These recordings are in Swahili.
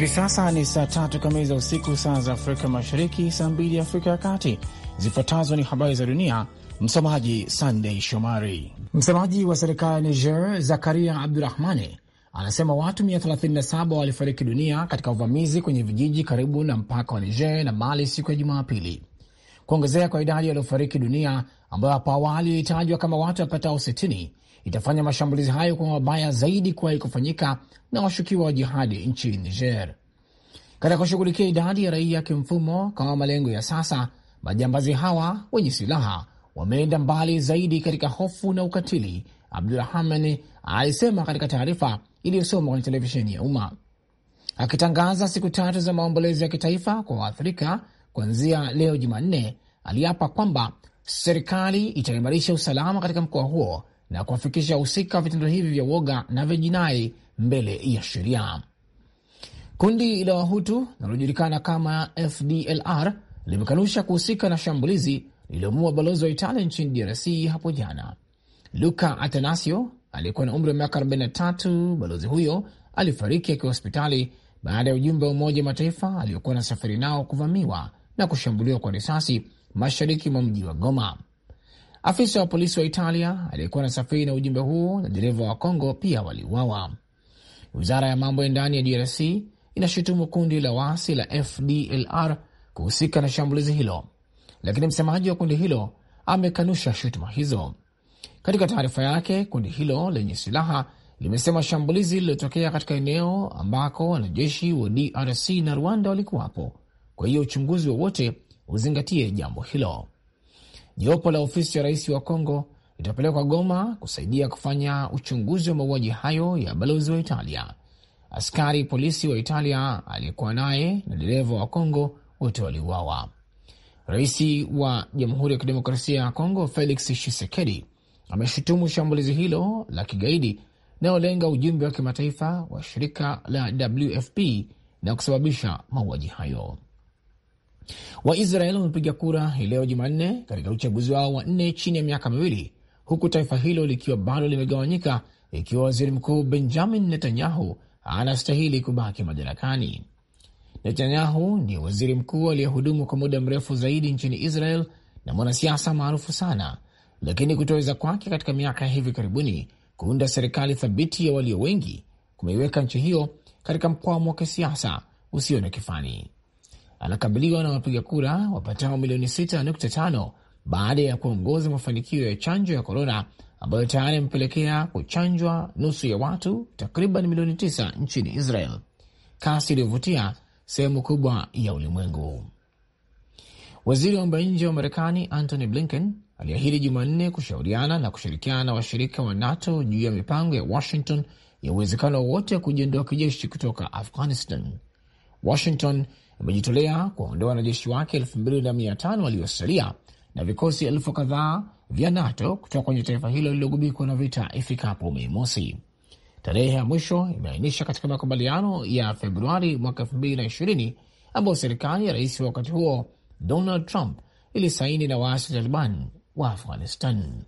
Hivi sasa ni saa tatu kamili za usiku, saa za Afrika Mashariki, saa mbili Afrika ya Kati. Zifuatazo ni habari za dunia, msomaji Sandei Shomari. Msemaji wa serikali ya Niger Zakaria Abdurahmani anasema watu 137 walifariki dunia katika uvamizi kwenye vijiji karibu na mpaka wa Niger na Mali siku ya Jumapili. Kuongezea kwa idadi waliofariki dunia ambayo hapo awali ilitajwa kama watu wapatao itafanya mashambulizi hayo kuwa mabaya zaidi kuwahi kufanyika na washukiwa wa jihadi nchini Niger. Katika kushughulikia idadi ya raia kimfumo kama malengo ya sasa, majambazi hawa wenye silaha wameenda mbali zaidi katika hofu na ukatili, Abdurahman alisema katika taarifa iliyosomwa kwenye televisheni ya umma akitangaza siku tatu za maombolezi ya kitaifa kwa waathirika kuanzia leo Jumanne. Aliapa kwamba serikali itaimarisha usalama katika mkoa huo na kuwafikisha husika wa vitendo hivi vya woga na vya jinai mbele ya sheria. Kundi la Wahutu linalojulikana kama FDLR limekanusha kuhusika na shambulizi lililomuua balozi wa Italia nchini DRC hapo jana. Luka Atanasio aliyekuwa na umri wa miaka 43, balozi huyo alifariki akiwa hospitali baada ya ujumbe wa Umoja Mataifa aliyokuwa na safari nao kuvamiwa na kushambuliwa kwa risasi mashariki mwa mji wa Goma. Afisa wa polisi wa Italia aliyekuwa na safiri na ujumbe huo na dereva wa congo pia waliuawa. Wizara ya mambo ya ndani ya DRC inashutumu kundi la waasi la FDLR kuhusika na shambulizi hilo, lakini msemaji wa kundi hilo amekanusha shutuma hizo. Katika taarifa yake, kundi hilo lenye silaha limesema shambulizi lililotokea katika eneo ambako wanajeshi wa DRC na Rwanda walikuwapo, kwa hiyo uchunguzi wowote uzingatie jambo hilo. Jopo la ofisi ya rais wa Kongo litapelekwa Goma kusaidia kufanya uchunguzi wa mauaji hayo ya balozi wa Italia. Askari polisi wa Italia aliyekuwa naye na dereva wa Kongo wote waliuawa. Rais wa Jamhuri ya Kidemokrasia ya Kongo Felix Tshisekedi ameshutumu shambulizi hilo la kigaidi inayolenga ujumbe wa kimataifa wa shirika la WFP na kusababisha mauaji hayo waisrael wamepiga kura hii leo Jumanne katika uchaguzi wao wa nne chini ya miaka miwili, huku taifa hilo likiwa bado limegawanyika ikiwa waziri mkuu Benjamin Netanyahu anastahili kubaki madarakani. Netanyahu ni waziri mkuu aliyehudumu kwa muda mrefu zaidi nchini Israel na mwanasiasa maarufu sana, lakini kutoweza kwake katika miaka ya hivi karibuni kuunda serikali thabiti ya walio wengi kumeiweka nchi hiyo katika mkwamo wa kisiasa usio na kifani anakabiliwa na wapiga kura wapatao milioni 6.5 baada ya kuongoza mafanikio ya chanjo ya korona ambayo tayari amepelekea kuchanjwa nusu ya watu takriban milioni 9 nchini Israel, kasi iliyovutia sehemu kubwa ya ulimwengu. Waziri wa mambo ya nje wa Marekani Antony Blinken aliahidi Jumanne kushauriana na kushirikiana na washirika wa NATO juu ya mipango ya Washington ya uwezekano wowote wa kujiondoa kijeshi kutoka Afghanistan. Washington umejitolea kuwaondoa wanajeshi wake elfu mbili na mia tano waliosalia na vikosi elfu kadhaa vya NATO kutoka kwenye taifa hilo lililogubikwa na vita ifikapo Mei mosi. Tarehe ya mwisho imeainisha katika makubaliano ya Februari mwaka elfu mbili na ishirini ambayo serikali ya rais wa wakati huo Donald Trump ilisaini na waasi wa Taliban wa Afghanistan.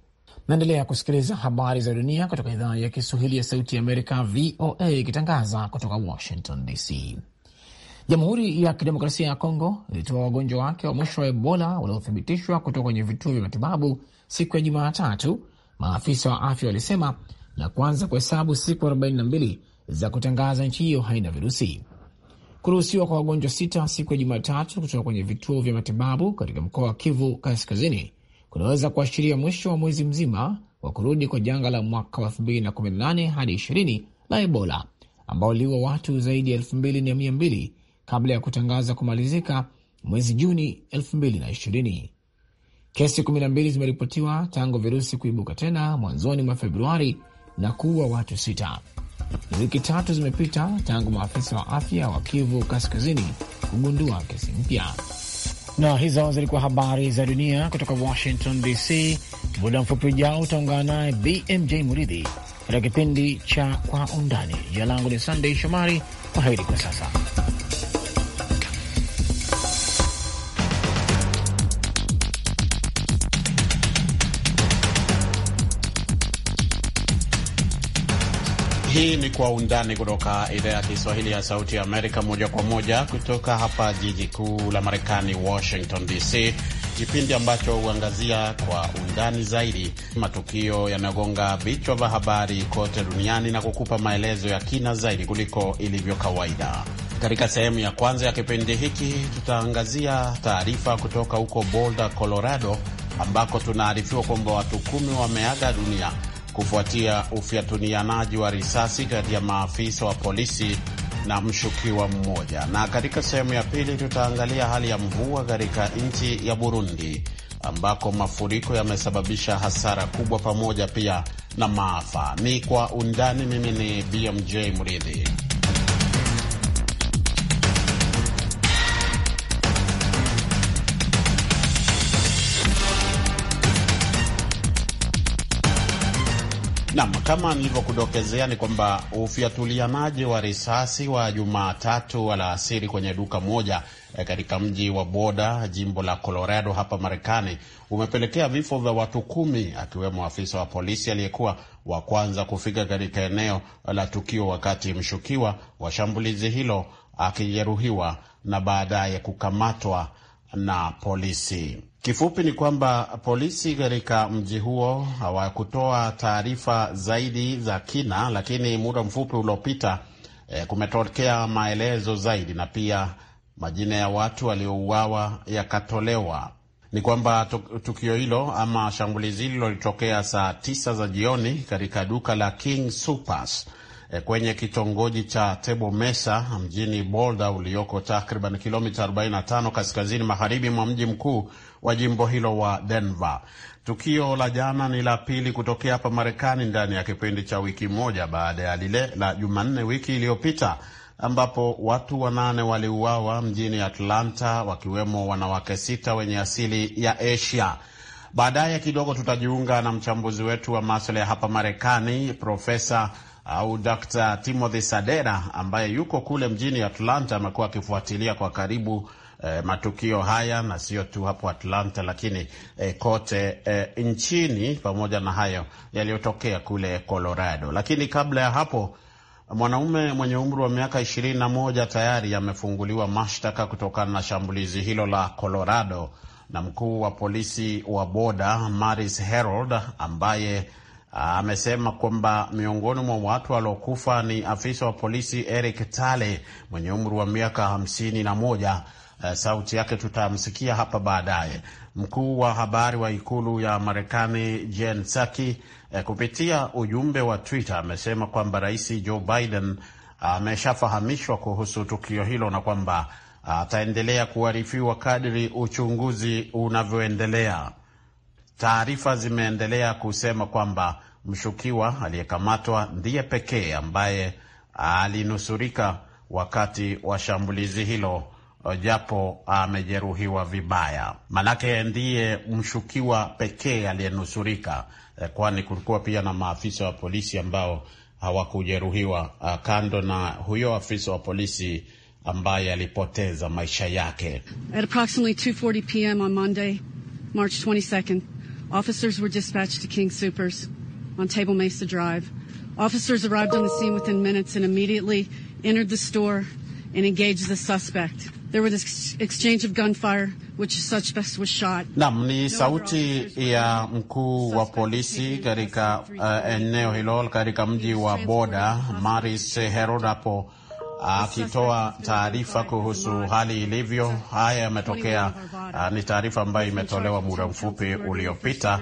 Naendelea kusikiliza habari za dunia kutoka idhaa ya Kiswahili ya Sauti ya Amerika, VOA, ikitangaza kutoka Washington DC. Jamhuri ya Kidemokrasia ya Kongo ilitoa wagonjwa wake wa mwisho wa Ebola waliothibitishwa kutoka kwenye vituo vya matibabu siku ya Jumatatu, maafisa wa afya walisema, na kuanza kuhesabu siku 42 za kutangaza nchi hiyo haina virusi. Kuruhusiwa kwa wagonjwa sita siku ya Jumatatu kutoka kwenye vituo vya matibabu katika mkoa wa Kivu Kaskazini kunaweza kuashiria mwisho wa mwezi mzima wa kurudi kwa janga la mwaka wa 2018 hadi 20 la Ebola ambao liwa watu zaidi ya 2200 kabla ya kutangaza kumalizika mwezi Juni 2020. Kesi 12 zimeripotiwa tangu virusi kuibuka tena mwanzoni mwa Februari na kuua watu sita. Wiki tatu zimepita tangu maafisa wa afya wa Kivu Kaskazini kugundua kesi mpya. Na hizo zilikuwa habari za dunia kutoka Washington DC. Muda mfupi ujao utaungana naye BMJ Muridhi katika kipindi cha Kwa Undani. Jina langu ni Sandey Shomari. Kwa heri kwa sasa. Hii ni Kwa Undani kutoka idhaa ya Kiswahili ya Sauti ya Amerika, moja kwa moja kutoka hapa jiji kuu la Marekani, Washington DC, kipindi ambacho huangazia kwa undani zaidi matukio yanayogonga vichwa vya habari kote duniani na kukupa maelezo ya kina zaidi kuliko ilivyo kawaida. Katika sehemu ya kwanza ya kipindi hiki tutaangazia taarifa kutoka huko Boulder, Colorado, ambako tunaarifiwa kwamba watu kumi wameaga dunia kufuatia ufyatunianaji wa risasi kati ya maafisa wa polisi na mshukiwa mmoja. Na katika sehemu ya pili tutaangalia hali ya mvua katika nchi ya Burundi ambako mafuriko yamesababisha hasara kubwa pamoja pia na maafa. Ni kwa undani. Mimi ni BMJ Mridhi. Nam, kama nilivyokudokezea ni kwamba ufyatulianaji wa risasi wa Jumatatu alasiri kwenye duka moja eh, katika mji wa boda jimbo la Colorado hapa Marekani, umepelekea vifo vya watu kumi, akiwemo afisa wa polisi aliyekuwa wa kwanza kufika katika eneo la tukio, wakati mshukiwa wa shambulizi hilo akijeruhiwa na baadaye kukamatwa na polisi. Kifupi ni kwamba polisi katika mji huo hawakutoa taarifa zaidi za kina, lakini muda mfupi uliopita e, kumetokea maelezo zaidi na pia majina ya watu waliouawa yakatolewa. Ni kwamba tukio hilo ama shambulizi hilo lilitokea saa tisa za jioni katika duka la King Supers Eh, kwenye kitongoji cha Tebo Mesa mjini Boulder ulioko takriban kilomita 45 kaskazini magharibi mwa mji mkuu wa jimbo hilo wa Denver. Tukio la jana ni la pili kutokea hapa Marekani ndani ya kipindi cha wiki moja baada ya lile la Jumanne wiki iliyopita ambapo watu wanane waliuawa mjini Atlanta wakiwemo wanawake sita wenye asili ya Asia. Baadaye kidogo tutajiunga na mchambuzi wetu wa maswala ya hapa Marekani Profesa au Dr. Timothy Sadera ambaye yuko kule mjini Atlanta amekuwa akifuatilia kwa karibu eh, matukio haya na sio tu hapo Atlanta lakini eh, kote eh, nchini pamoja na hayo yaliyotokea kule Colorado. Lakini kabla ya hapo mwanaume mwenye umri wa miaka ishirini na moja tayari amefunguliwa mashtaka kutokana na shambulizi hilo la Colorado na mkuu wa polisi wa boda Maris Herold ambaye amesema kwamba miongoni mwa watu waliokufa ni afisa wa polisi Eric Tale mwenye umri wa miaka hamsini na moja. Eh, sauti yake tutamsikia hapa baadaye. Mkuu wa habari wa ikulu ya Marekani Jen Psaki eh, kupitia ujumbe wa Twitter amesema kwamba rais Joe Biden ah, ameshafahamishwa kuhusu tukio hilo na kwamba ah, ataendelea kuharifiwa kadri uchunguzi unavyoendelea. Taarifa zimeendelea kusema kwamba mshukiwa aliyekamatwa ndiye pekee ambaye alinusurika wakati wa shambulizi hilo, japo amejeruhiwa vibaya. Manake ndiye mshukiwa pekee aliyenusurika, eh, kwani kulikuwa pia na maafisa wa polisi ambao hawakujeruhiwa, ah, kando na huyo afisa wa polisi ambaye alipoteza maisha yake. At Officers were dispatched to King Supers on Table Mesa Drive. Officers arrived on the scene within minutes and immediately entered the store and engaged the suspect. There was ex exchange of gunfire which suspect was shot. Naam, ni sauti ya mkuu wa polisi katika uh, eneo hilo katika mji wa Boda Maris Herod hapo akitoa taarifa kuhusu hali ilivyo. Haya yametokea, ah, ni taarifa ambayo imetolewa muda mfupi uliopita,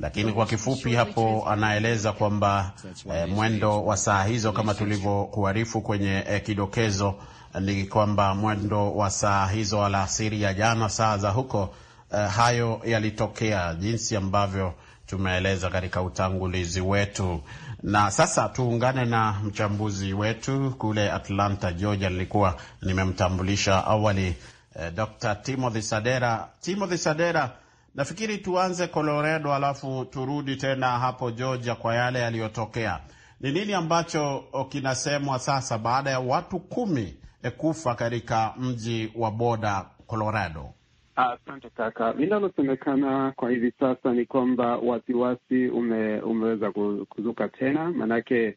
lakini kwa kifupi hapo anaeleza kwamba eh, mwendo wa saa hizo kama tulivyokuarifu kwenye eh, kidokezo ni kwamba mwendo wa saa hizo alasiri ya jana, saa za huko eh, hayo yalitokea jinsi ambavyo tumeeleza katika utangulizi wetu. Na sasa tuungane na mchambuzi wetu kule Atlanta, Georgia. Nilikuwa nimemtambulisha awali eh, Dr. Timothy Sadera. Timothy Sadera, nafikiri tuanze Colorado alafu turudi tena hapo Georgia kwa yale yaliyotokea. Ni nini ambacho oh, kinasemwa sasa baada ya watu kumi eh, kufa katika mji wa Boulder, Colorado? Asante kaka, linalosemekana kwa hivi sasa ni kwamba wasiwasi ume, umeweza kuzuka tena, maanake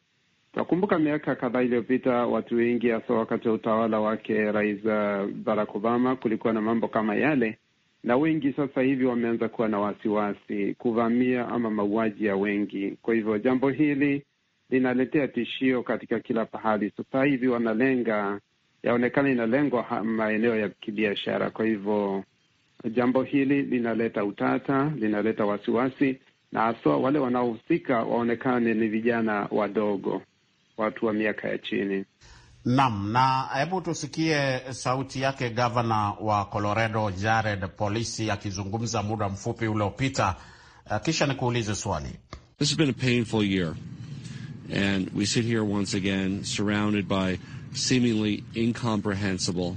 tunakumbuka miaka kadhaa iliyopita watu wengi, hasa wakati wa utawala wake Rais uh, Barack Obama, kulikuwa na mambo kama yale, na wengi sasa hivi wameanza kuwa na wasiwasi, kuvamia ama mauaji ya wengi. Kwa hivyo jambo hili linaletea tishio katika kila pahali. Sasa hivi wanalenga, yaonekana inalengwa maeneo ya kibiashara, kwa hivyo Jambo hili linaleta utata, linaleta wasiwasi, na haswa wale wanaohusika waonekane ni vijana wadogo, watu wa miaka ya chini. Naam, na hebu tusikie sauti yake gavana wa Colorado Jared Polisi akizungumza muda mfupi uliopita, eh, kisha nikuulize swali. This has been a painful year and we sit here once again surrounded by seemingly incomprehensible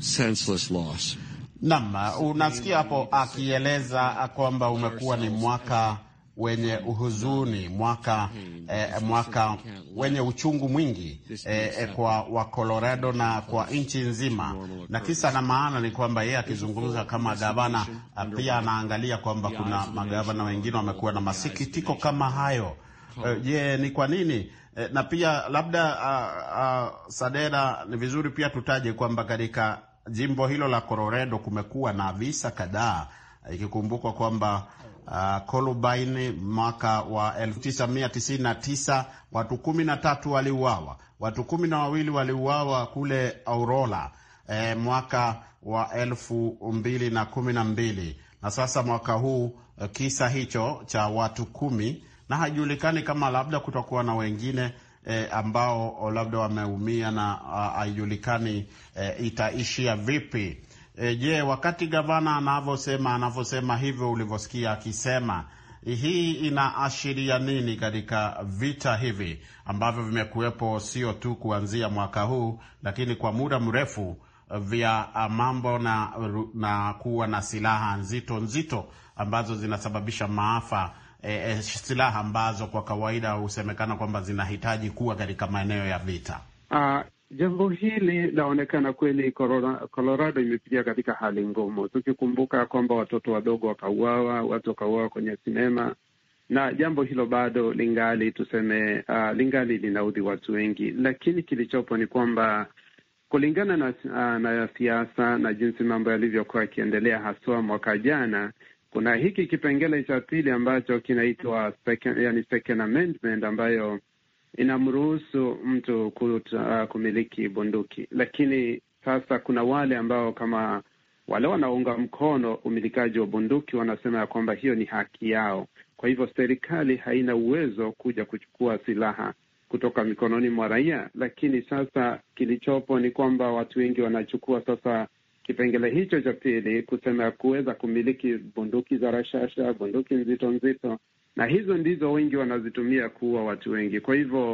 senseless loss. Naam, unasikia hapo akieleza kwamba umekuwa ni mwaka wenye uhuzuni, mwaka eh, mwaka wenye uchungu mwingi eh, kwa wa Colorado na kwa nchi nzima, na kisa na maana ni kwamba yeye akizungumza kama gavana eh, pia anaangalia kwamba kuna magavana wengine wamekuwa na masikitiko kama hayo. Eh, je, eh, ni kwa nini? Eh, na pia labda uh, uh, Sadera, ni vizuri pia tutaje kwamba katika jimbo hilo la Colorado kumekuwa na visa kadhaa, ikikumbukwa kwamba uh, Columbine mwaka wa 1999 watu kumi na tatu waliuawa, watu kumi na wawili waliuawa kule Aurora eh, mwaka wa elfu mbili na kumi na mbili na sasa mwaka huu eh, kisa hicho cha watu kumi na hajulikani kama labda kutakuwa na wengine eh, ambao labda wameumia na haijulikani eh, itaishia vipi. E, je, wakati gavana anavyosema anavyosema hivyo ulivyosikia akisema hii inaashiria nini katika vita hivi ambavyo vimekuwepo sio tu kuanzia mwaka huu lakini kwa muda mrefu vya mambo na, na kuwa na silaha nzito nzito ambazo zinasababisha maafa e, silaha ambazo kwa kawaida husemekana kwamba zinahitaji kuwa katika maeneo ya vita. Uh, jambo hili laonekana kweli Colorado imepitia katika hali ngumu, tukikumbuka kwamba watoto wadogo wakauawa, watu wakauawa kwenye sinema na jambo hilo bado lingali tuseme, uh, lingali linaudhi watu wengi, lakini kilichopo ni kwamba kulingana na, uh, na siasa na jinsi mambo yalivyokuwa yakiendelea, haswa mwaka jana, kuna hiki kipengele cha pili ambacho kinaitwa second, yani second amendment ambayo inamruhusu mtu kuta, uh, kumiliki bunduki, lakini sasa kuna wale ambao kama wale wanaunga mkono umilikaji wa bunduki wanasema ya kwamba hiyo ni haki yao. Kwa hivyo serikali haina uwezo kuja kuchukua silaha kutoka mikononi mwa raia, lakini sasa kilichopo ni kwamba watu wengi wanachukua sasa Kipengele hicho cha pili kusema kuweza kumiliki bunduki za rashasha, bunduki nzito nzito, na hizo ndizo wengi wanazitumia kuua watu wengi. Kwa hivyo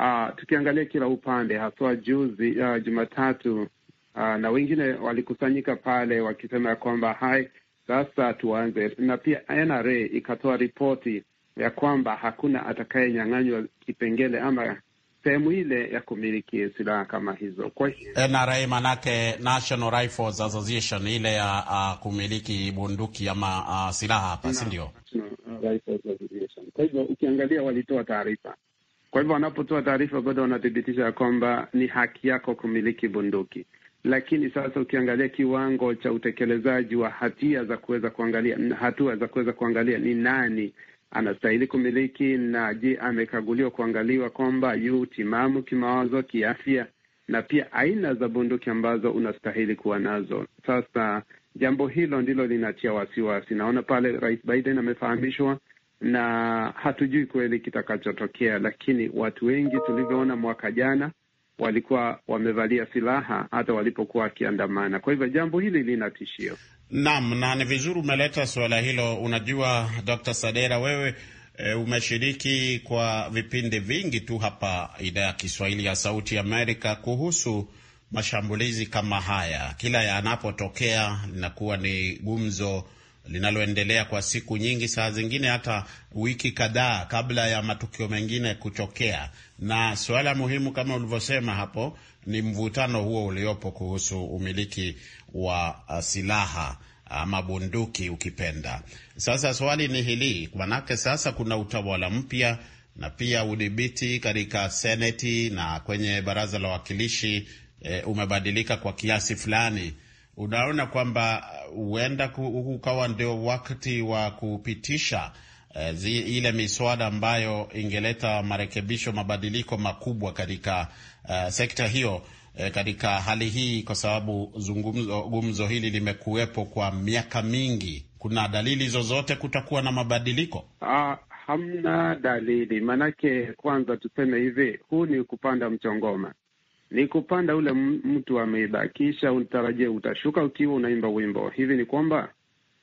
uh, tukiangalia kila upande, haswa juzi uh, Jumatatu uh, na wengine walikusanyika pale wakisema ya kwamba hai sasa tuanze, na pia NRA ikatoa ripoti ya kwamba hakuna atakayenyang'anywa kipengele ama sehemu ile ya kumiliki silaha kama hizo kwa... NRA manake National Rifles Association ile ya uh, kumiliki bunduki ama uh, silaha hapa, si ndio? Kwa hivyo ukiangalia, walitoa taarifa. Kwa hivyo wanapotoa taarifa, bado wanathibitisha ya kwamba ni haki yako kumiliki bunduki, lakini sasa ukiangalia kiwango cha utekelezaji wa hatia za kuweza kuangalia, hatua za kuweza kuangalia ni nani anastahili kumiliki, na je, amekaguliwa kuangaliwa kwamba yu timamu kimawazo, kiafya, na pia aina za bunduki ambazo unastahili kuwa nazo. Sasa jambo hilo ndilo linatia wasiwasi. Naona pale Rais Biden amefahamishwa na hatujui kweli kitakachotokea, lakini watu wengi tulivyoona mwaka jana walikuwa wamevalia silaha hata walipokuwa wakiandamana. Kwa hivyo jambo hili lina tishio. Naam, na ni vizuri umeleta suala hilo. Unajua Dr. Sadera, wewe e, umeshiriki kwa vipindi vingi tu hapa idhaa ya Kiswahili ya Sauti Amerika kuhusu mashambulizi kama haya. Kila yanapotokea linakuwa ni gumzo linaloendelea kwa siku nyingi, saa zingine hata wiki kadhaa kabla ya matukio mengine kutokea. Na suala muhimu kama ulivyosema hapo ni mvutano huo uliopo kuhusu umiliki wa uh, silaha ama bunduki ukipenda. Sasa swali ni hili, manake sasa kuna utawala mpya na pia udhibiti katika seneti na kwenye baraza la wawakilishi e, eh, umebadilika kwa kiasi fulani unaona kwamba uh, huenda ukawa ndio wakati wa kupitisha eh, zi, ile miswada ambayo ingeleta marekebisho, mabadiliko makubwa katika eh, sekta hiyo eh, katika hali hii, kwa sababu zungumzo, gumzo hili limekuwepo kwa miaka mingi. Kuna dalili zozote kutakuwa na mabadiliko? Ah, hamna dalili, maanake kwanza tuseme hivi, huu ni kupanda mchongoma ni kupanda ule mtu ameibakisha, utarajia utashuka ukiwa unaimba wimbo hivi. Ni kwamba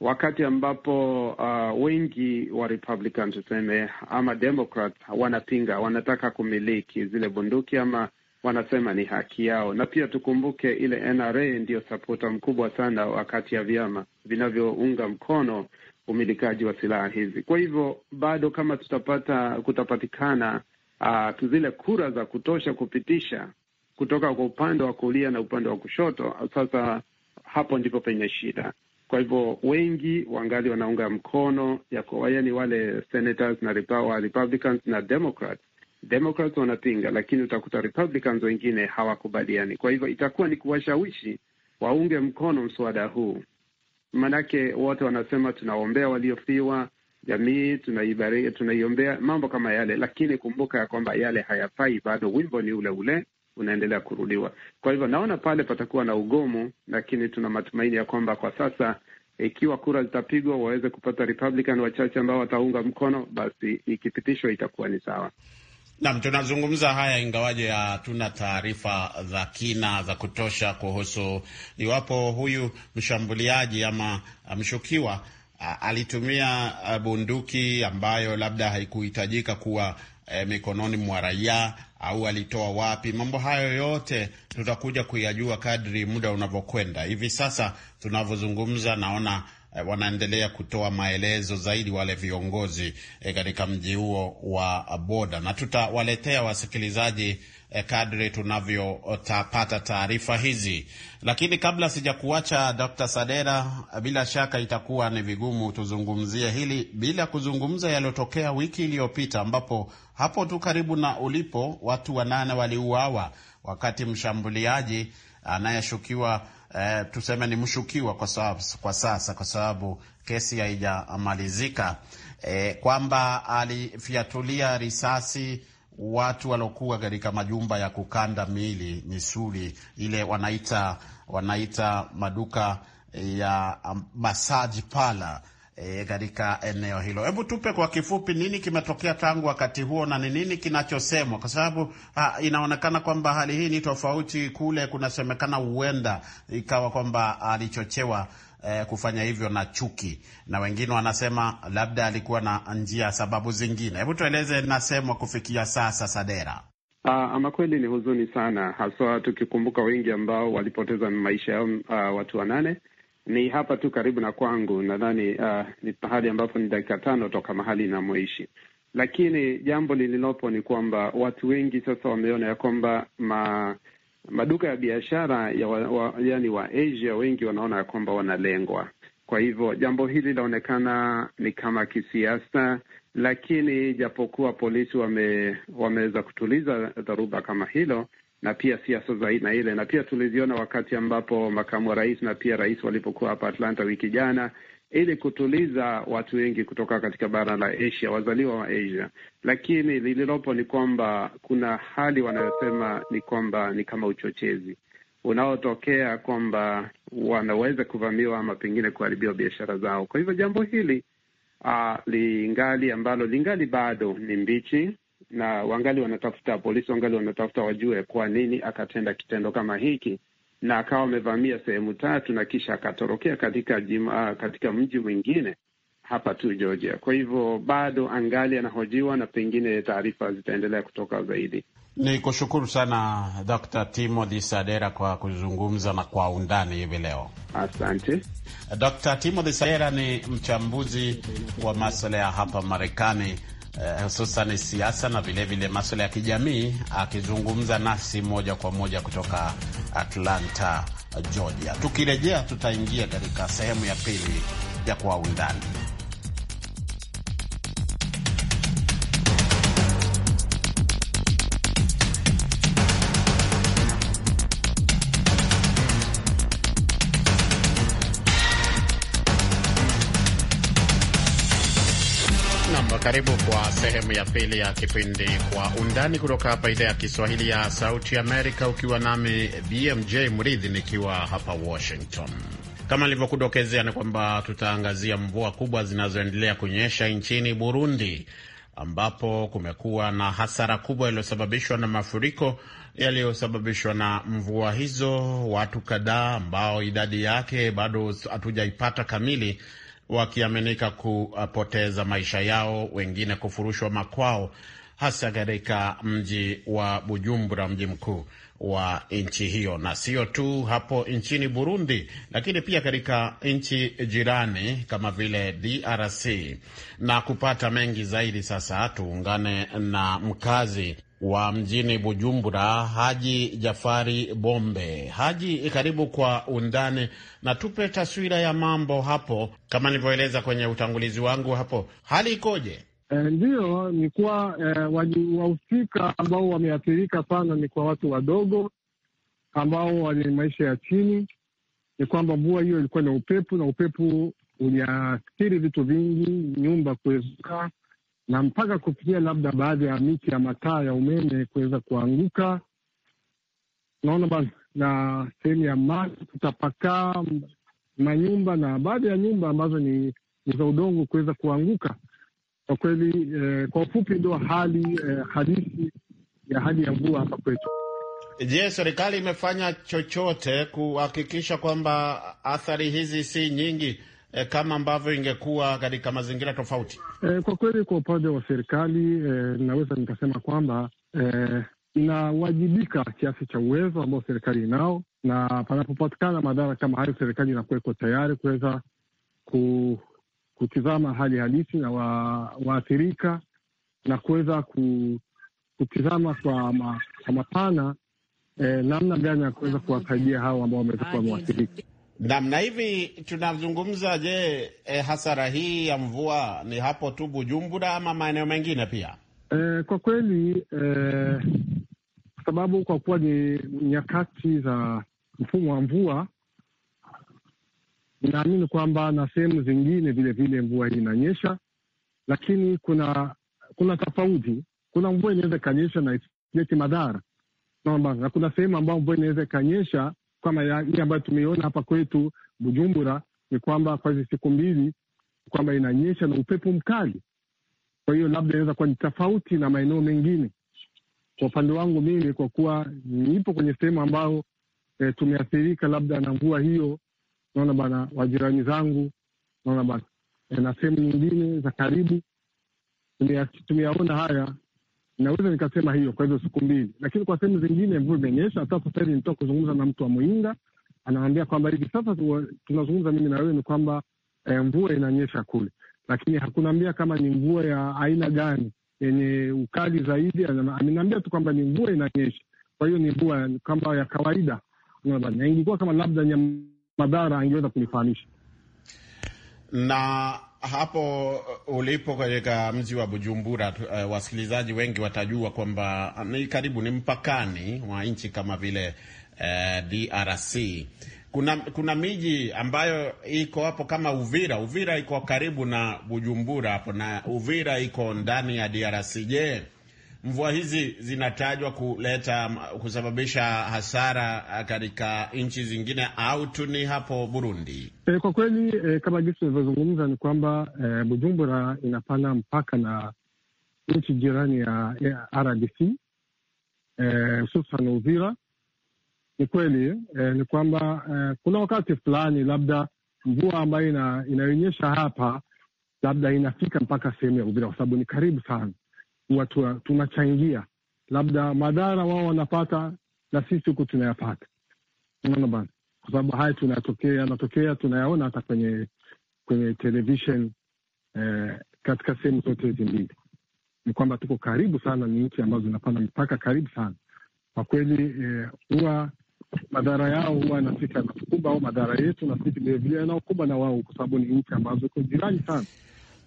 wakati ambapo uh, wengi wa Republican tuseme ama Democrat wanapinga, wanataka kumiliki zile bunduki ama wanasema ni haki yao, na pia tukumbuke ile NRA ndiyo sapota mkubwa sana wakati ya vyama vinavyounga mkono umilikaji wa silaha hizi. Kwa hivyo bado kama tutapata kutapatikana uh, zile kura za kutosha kupitisha kutoka kwa upande wa kulia na upande wa kushoto. Sasa hapo ndipo penye shida. Kwa hivyo wengi wangali wanaunga mkono ya yani, wale senators na wa Republicans na Democrats. Democrats wanapinga, lakini utakuta Republicans wengine hawakubaliani. Kwa hivyo itakuwa ni kuwashawishi waunge mkono mswada huu, maanake wote wanasema tunaombea waliofiwa, jamii tunaiombea, mambo kama yale, lakini kumbuka ya kwamba yale hayafai, bado wimbo ni ule ule unaendelea kurudiwa. Kwa hivyo naona pale patakuwa na ugomo, lakini tuna matumaini ya kwamba kwa sasa ikiwa kura zitapigwa waweze kupata Republican wachache ambao wataunga mkono, basi ikipitishwa itakuwa ni sawa. Naam, tunazungumza haya ingawaje hatuna taarifa za kina za kutosha kuhusu iwapo huyu mshambuliaji ama mshukiwa alitumia bunduki ambayo labda haikuhitajika kuwa e, mikononi mwa raia au alitoa wapi? Mambo hayo yote tutakuja kuyajua kadri muda unavyokwenda. Hivi sasa tunavyozungumza, naona eh, wanaendelea kutoa maelezo zaidi wale viongozi eh, katika mji huo wa Boda, na tutawaletea wasikilizaji eh, kadri tunavyopata taarifa hizi. Lakini kabla sijakuacha Dr. Sadera, bila shaka itakuwa ni vigumu tuzungumzie hili bila kuzungumza yaliyotokea wiki iliyopita, ambapo hapo tu karibu na ulipo watu wanane waliuawa wakati mshambuliaji anayeshukiwa eh, tuseme ni mshukiwa kwa, sababu, kwa sasa kwa sababu kesi haijamalizika eh, kwamba alifiatulia risasi watu waliokuwa katika majumba ya kukanda miili misuli, ile wanaita wanaita maduka eh, ya um, masaji pala E, eh, katika eneo hilo. Hebu tupe kwa kifupi nini kimetokea tangu wakati huo na ni nini kinachosemwa, kwa sababu ah, inaonekana kwamba hali hii ni tofauti. Kule kunasemekana huenda ikawa kwamba alichochewa eh, kufanya hivyo na chuki, na wengine wanasema labda alikuwa na njia sababu zingine. Hebu tueleze nasemwa kufikia sasa, Sadera. Uh, ama kweli ni huzuni sana, haswa tukikumbuka wengi ambao walipoteza maisha yao. Uh, watu wanane ni hapa tu karibu na kwangu, nadhani uh, ni pahali ambapo ni dakika tano toka mahali inamoishi lakini jambo lililopo ni kwamba watu wengi sasa wameona ya kwamba ma, maduka ya biashara ya wa, wa, yani wa Asia wengi wanaona ya kwamba wanalengwa. Kwa hivyo jambo hili linaonekana ni kama kisiasa, lakini japokuwa polisi wame, wameweza kutuliza dharuba kama hilo na pia siasa za aina ile, na pia tuliziona wakati ambapo makamu wa rais na pia rais walipokuwa hapa Atlanta wiki jana, ili kutuliza watu wengi kutoka katika bara la Asia, wazaliwa wa Asia. Lakini lililopo ni kwamba kuna hali wanayosema ni kwamba ni kama uchochezi unaotokea kwamba wanaweza kuvamiwa ama pengine kuharibiwa biashara zao. Kwa hivyo jambo hili uh, lingali ambalo lingali bado ni mbichi, na wangali wanatafuta polisi, wangali wanatafuta wajue kwa nini akatenda kitendo kama hiki na akawa amevamia sehemu tatu na kisha akatorokea katika jima, ah, katika mji mwingine hapa tu Georgia. Kwa hivyo bado angali anahojiwa na pengine taarifa zitaendelea kutoka zaidi. Ni kushukuru sana Dr. Timothy Sadera kwa kuzungumza na kwa undani hivi leo. Asante. Dr. Timothy Sadera ni mchambuzi wa masuala ya hapa Marekani eh, hususan siasa na vilevile maswala ya kijamii, akizungumza nasi moja kwa moja kutoka Atlanta, Georgia. Tukirejea tutaingia katika sehemu ya pili ya Kwa Undani. Karibu kwa sehemu ya pili ya kipindi Kwa Undani kutoka hapa idhaa ya Kiswahili ya Sauti Amerika, ukiwa nami BMJ Mridhi nikiwa hapa Washington. Kama nilivyokudokezea, ni kwamba tutaangazia mvua kubwa zinazoendelea kunyesha nchini Burundi, ambapo kumekuwa na hasara kubwa iliyosababishwa na mafuriko yaliyosababishwa na mvua hizo. Watu kadhaa ambao idadi yake bado hatujaipata kamili wakiaminika kupoteza maisha yao, wengine kufurushwa makwao, hasa katika mji wa Bujumbura, mji mkuu wa nchi hiyo, na sio tu hapo nchini Burundi, lakini pia katika nchi jirani kama vile DRC. Na kupata mengi zaidi, sasa tuungane na mkazi wa mjini Bujumbura, Haji Jafari Bombe. Haji, karibu kwa undani na tupe taswira ya mambo hapo. Kama nilivyoeleza kwenye utangulizi wangu hapo, hali ikoje? Eh, Ndiyo, ni kuwa eh, wahusika ambao wameathirika sana ni kwa watu wadogo ambao wali maisha ya chini. Ni kwamba mvua hiyo ilikuwa na upepo na upepo uliathiri vitu vingi, nyumba kuezuka na mpaka kufikia labda baadhi ya miti ya mataa ya umeme kuweza kuanguka, naona bana, na sehemu ya maji kutapakaa manyumba na baadhi ya nyumba ambazo ni za udongo kuweza kuanguka. Kwa kweli eh, kwa ufupi ndio hali eh, halisi ya hali ya mvua hapa kwetu. Je, serikali imefanya chochote kuhakikisha kwamba athari hizi si nyingi e, kama ambavyo ingekuwa katika mazingira tofauti? E, kwa kweli kwa upande wa serikali e, naweza nikasema kwamba e, inawajibika kiasi cha uwezo ambao serikali inao, na panapopatikana madhara kama hayo, serikali inakuwa iko tayari kuweza ku, kutizama hali halisi na waathirika na kuweza ku, kutizama kwa, ma, kwa mapana eh, namna gani ya kuweza kuwasaidia hao ambao wameweza wameathirika. Namna hivi tunazungumza. Je, e, hasara hii ya mvua ni hapo tu Bujumbura ama maeneo mengine pia? E, kwa kweli e, kwa sababu kwa kuwa ni nyakati za mfumo wa mvua, inaamini kwamba na sehemu zingine vilevile mvua hii inanyesha, lakini kuna kuna tofauti. Kuna mvua inaweza ikanyesha na isilete madhara, na kuna sehemu ambayo mvua inaweza ikanyesha kama ile ambayo tumeiona hapa kwetu Bujumbura ni kwamba kwa hizi siku mbili kwamba inanyesha na upepo mkali. Kwa hiyo labda inaweza kuwa ni tofauti na maeneo mengine. Kwa upande wangu mimi, kwa kuwa nipo kwenye sehemu ambayo e, tumeathirika labda na mvua hiyo, naona bana wajirani zangu, naona bana e, na sehemu nyingine za karibu tumeyaona haya Naweza nikasema hiyo kwa hizo siku mbili, lakini kwa sehemu zingine mvua imenyesha. Hata sasa hivi nitoka kuzungumza na mtu wa Muinga, anaambia kwamba hivi sasa tunazungumza mimi na wewe ni kwamba eh, mvua inanyesha kule, lakini hakunaambia kama ni mvua ya aina gani yenye ukali zaidi. Ameniambia tu kwamba ni mvua inanyesha, kwa hiyo ni mvua kwamba ya kawaida. Ingekuwa kama labda nye madhara, angeweza kunifahamisha na hapo uh, ulipo katika mji wa Bujumbura, uh, wasikilizaji wengi watajua kwamba uh, ni karibu ni mpakani wa nchi kama vile uh, DRC. Kuna, kuna miji ambayo iko hapo kama Uvira. Uvira iko karibu na Bujumbura hapo na Uvira iko ndani ya DRC. Je, Mvua hizi zinatajwa kuleta kusababisha hasara eh, katika nchi zingine au tu ni hapo Burundi? E, kwa kweli e, kama jinsi unavyozungumza ni kwamba e, Bujumbura inapana mpaka na nchi jirani ya, ya RDC hususan e, Uvira. Ni kweli e, ni kwamba e, kuna wakati fulani labda mvua ambayo inanyesha hapa labda inafika mpaka sehemu ya Uvira kwa sababu ni karibu sana huwa tunachangia, labda madhara wao wanapata na sisi huku tunayapata, unaona bana, kwa sababu haya tunatokea yanatokea tunayaona hata kwenye kwenye televishen eh, katika sehemu zote hizi mbili ni kwamba tuko karibu sana, ni nchi ambazo zinapanda mipaka karibu sana kwa kweli. Eh, huwa eh, madhara yao huwa yanafika yanatukumba, au madhara yetu na sisi vilevile yanaokubwa na wao, kwa sababu ni nchi ambazo iko jirani sana.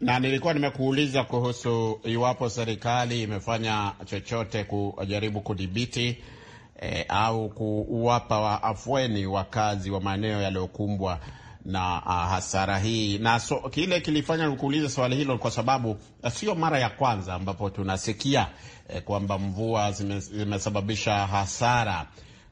Na nilikuwa nimekuuliza kuhusu iwapo serikali imefanya chochote kujaribu kudhibiti e, au kuwapa wa afueni wakazi wa maeneo yaliyokumbwa na hasara hii na so, kile kilifanya nikuuliza swali hilo kwa sababu e, sio mara ya kwanza ambapo tunasikia e, kwamba mvua zime, zimesababisha hasara.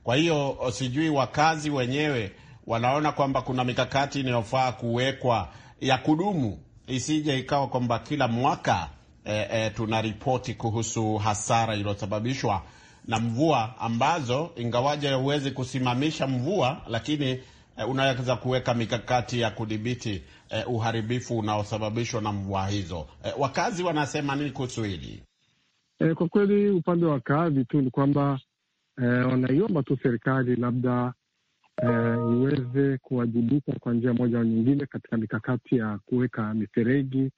Kwa hiyo sijui wakazi wenyewe wanaona kwamba kuna mikakati inayofaa kuwekwa ya kudumu isije ikawa kwamba kila mwaka e, e, tuna ripoti kuhusu hasara iliyosababishwa na mvua ambazo ingawaje huwezi kusimamisha mvua, lakini e, unaweza kuweka mikakati ya kudhibiti e, uharibifu unaosababishwa na mvua hizo. E, wakazi wanasema nini kuhusu hili? E, kwa kweli upande wa kazi tu ni kwamba e, wanaiomba tu serikali labda uh, iweze kuwajibika kwa njia moja au nyingine katika mikakati ya kuweka mifereji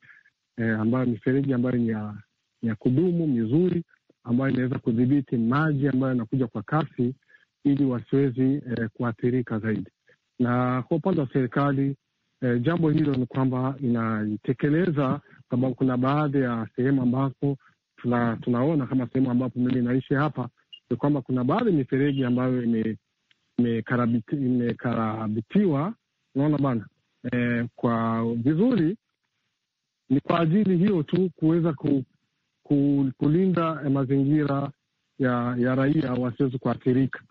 uh, ambayo mifereji ambayo ni ya, ya kudumu mizuri ambayo inaweza kudhibiti maji ambayo yanakuja kwa kasi ili wasiwezi uh, kuathirika zaidi. Na kwa upande wa serikali uh, jambo hilo ni kwamba inaitekeleza, sababu kuna baadhi ya sehemu ambapo tuna, tunaona kama sehemu ambapo mimi naishi hapa ni kwamba kuna baadhi ya mifereji ambayo ime imekarabitiwa, naona bana e, kwa vizuri. Ni kwa ajili hiyo tu kuweza ku, ku, kulinda mazingira ya, ya raia wasiwezi kuathirika.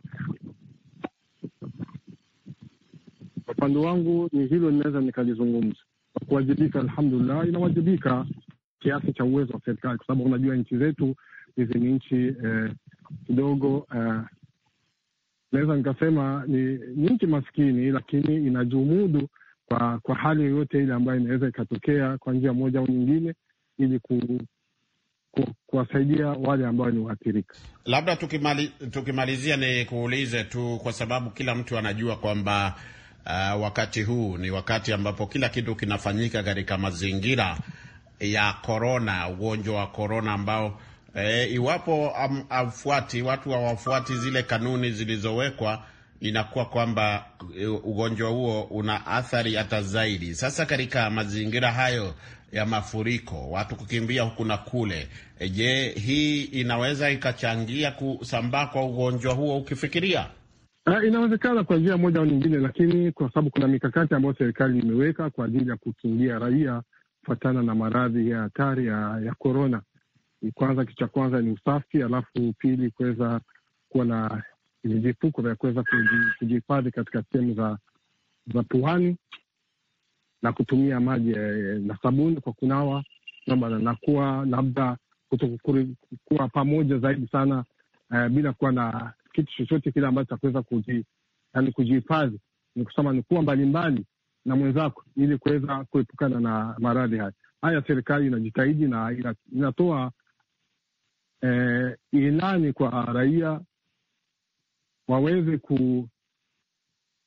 Upande wangu ni hilo linaweza nikalizungumza. Kuwajibika, alhamdulillah, inawajibika kiasi cha uwezo wa serikali, kwa sababu unajua nchi zetu hizi ni nchi e, kidogo eh, naweza nikasema ni, ni nchi maskini lakini inajumudu kwa, kwa hali yoyote ile ambayo inaweza ikatokea kwa njia moja au nyingine ili ku, kuwasaidia wale ambao ni waathirika. Labda tukimali, tukimalizia ni kuulize tu, kwa sababu kila mtu anajua kwamba uh, wakati huu ni wakati ambapo kila kitu kinafanyika katika mazingira ya korona, ugonjwa wa korona ambao e, iwapo afuati watu hawafuati zile kanuni zilizowekwa, inakuwa kwamba e, ugonjwa huo una athari hata zaidi. Sasa katika mazingira hayo ya mafuriko, watu kukimbia huku na kule, e, je, hii inaweza ikachangia kusambaa kwa ugonjwa huo ukifikiria? Uh, inawezekana kwa njia moja au nyingine, lakini kwa sababu kuna mikakati ambayo serikali imeweka kwa ajili ya kukingia raia kufuatana na maradhi ya hatari ya korona, kwanza, kitu cha kwanza ni usafi, alafu pili kuweza kuwa na vijifuko vya kuweza kujihifadhi katika sehemu za za puani na kutumia maji eh, eh, na sabuni kwa kunawa na kuwa labda kuwa pamoja zaidi sana uh, bila kuwa na kitu chochote kile ambacho takuweza kujihifadhi, ni kusema ni kuwa mbalimbali na mwenzako ili kuweza kuepukana na maradhi haya. Haya serikali inajitahidi na inatoa eh, ilani kwa raia waweze ku,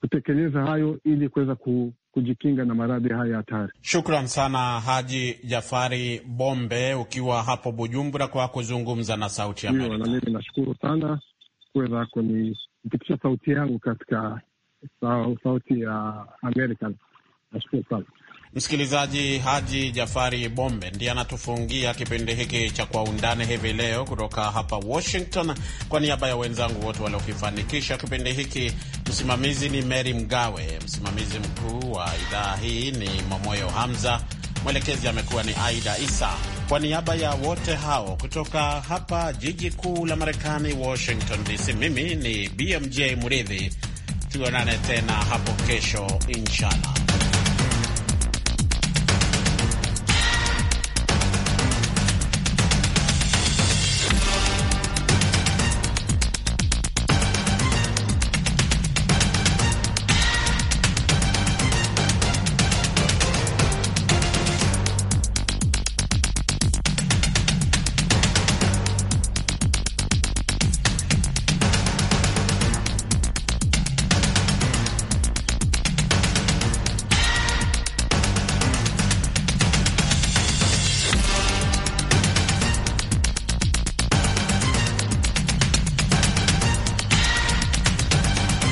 kutekeleza hayo ili kuweza ku, kujikinga na maradhi haya hatari. Shukran sana Haji Jafari Bombe, ukiwa hapo Bujumbura, kwa kuzungumza na Sauti ya Amerika. Na mimi nashukuru sana kuweza kunipitisha sauti yangu katika Sauti ya Amerika. Nashukuru sana. Msikilizaji, Haji Jafari Bombe ndiye anatufungia kipindi hiki cha Kwa Undani hivi leo kutoka hapa Washington. Kwa niaba ya wenzangu wote waliokifanikisha kipindi hiki, msimamizi ni Mary Mgawe, msimamizi mkuu wa idhaa hii ni Momoyo Hamza, mwelekezi amekuwa ni Aida Isa. Kwa niaba ya wote hao kutoka hapa jiji kuu la Marekani, Washington DC, mimi ni BMJ Muridhi. Tuonane tena hapo kesho, inshallah.